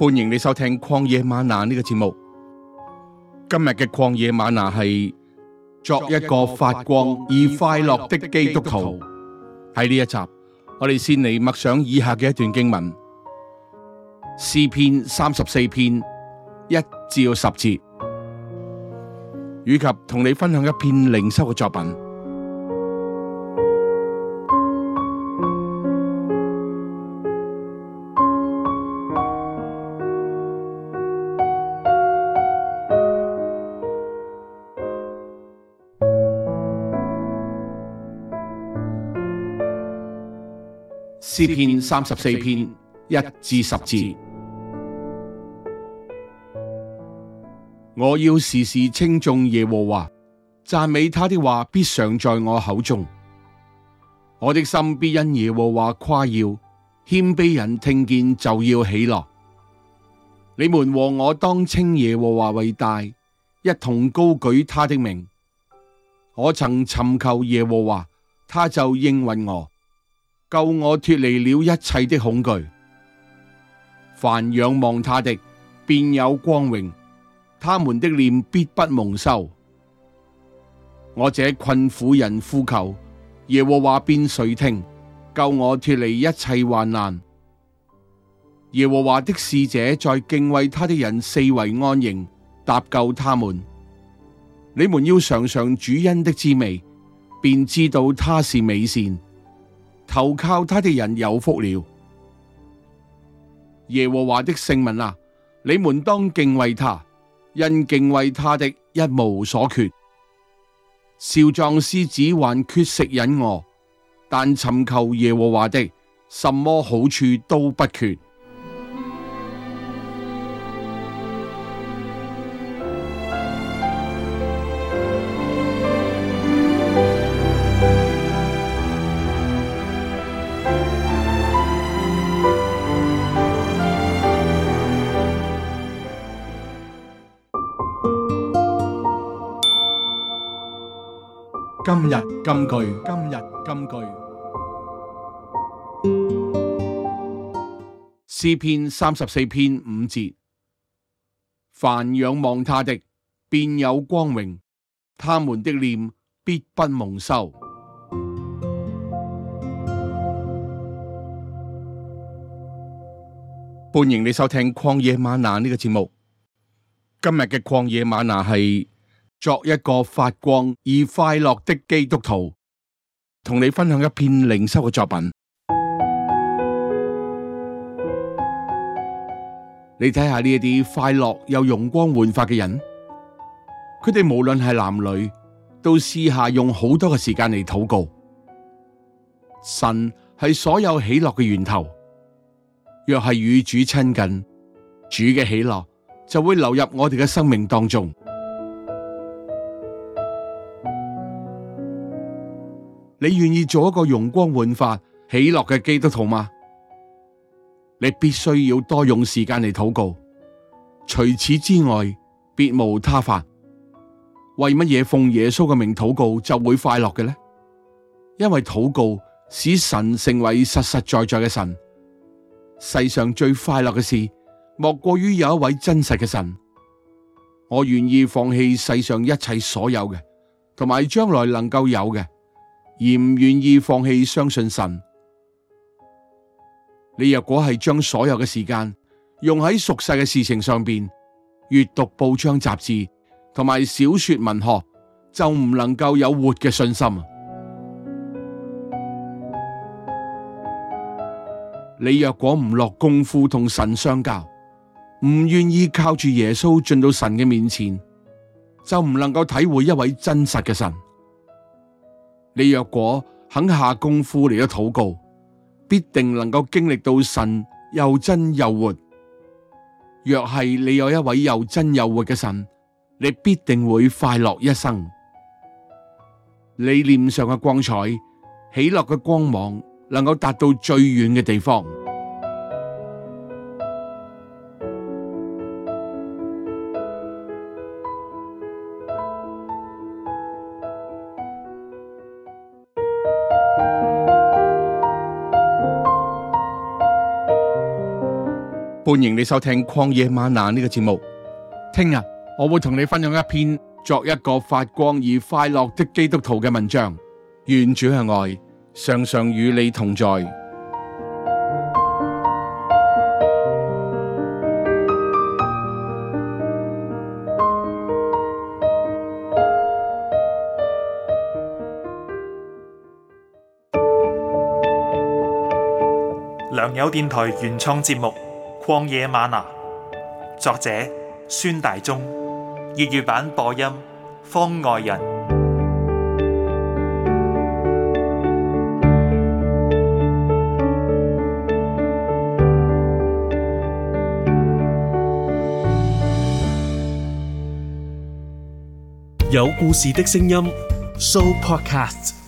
歡迎你收聽曠野嗎哪呢個節目。今日嘅曠野嗎哪係作一個發光而快樂的基督徒。喺呢一,一,一集，我哋先嚟默想以下嘅一段經文：詩篇三十四篇一至十節，以及同你分享一篇靈修嘅作品。詩篇三十四篇一至十節，我要時時稱頌耶和華，讚美他的話必常在我口中，我的心必因耶和華誇耀，謙卑人聽見就要喜樂。你們和我當稱耶和華為大，一同高舉他的名。我曾尋求耶和華，他就應允我。救我脫離了一切的恐懼，凡仰望他的，便有光榮；他們的臉必不蒙羞。我這困苦人呼求，耶和華便垂聽，救我脫離一切患難。耶和華的使者在敬畏他的人四圍安營，搭救他們。你們要嘗嘗主恩的滋味，便知道他是美善。投靠他的人有福了。耶和華的聖民啊，你們當敬畏他，因敬畏他的，一無所缺。少壯獅子還缺食忍餓，但尋求耶和華的，什麼好處都不缺。今日金句，今日金句。詩篇三十四篇五節：凡仰望他的，便有光榮；他們的臉必不蒙羞。歡迎你收聽曠野嗎哪呢、這個節目。今日嘅曠野嗎哪係。作一個發光而快樂的基督徒，同你分享一篇靈修嘅作品。 你睇下呢一啲快樂又容光煥發嘅人，佢哋無論係男女，都私下用好多嘅時間嚟禱告。神係所有喜樂嘅源頭，若係與主親近，主嘅喜樂就會流入我哋嘅生命當中。你願意做一個容光煥發、喜樂嘅基督徒嗎？你必須要多用時間嚟禱告，除此之外，別無他法。為乜嘢奉耶穌嘅名禱告就會快樂嘅呢？因為禱告使神成為實實在在嘅神。世上最快樂嘅事，莫過於有一位真實嘅神。我願意放棄世上一切所有嘅，同埋將來能夠有嘅。而唔願意放棄相信神。你若果係將所有嘅時間用喺俗世嘅事情上邊，閱讀報章雜誌同埋小說文學，就唔能夠有活嘅信心。你若果唔落功夫同神相交，唔願意靠住耶穌進到神嘅面前，就唔能夠體會一位真實嘅神。你若果肯下功夫嚟咗禱告，必定能夠經歷到神又真又活。若係你有一位又真又活嘅神，你必定會快樂一生。你臉上嘅光彩，喜樂嘅光芒，能夠達到最遠嘅地方。歡迎你收聽曠野嗎哪呢個節目。聽日我會同你分享一篇作一個發光而快樂的基督徒嘅文章。願主嘅愛常常與你同在。良友電台原創節目。曠野嗎哪，作者孫大中，粵語版播音方外人，有故事的聲音 show podcast。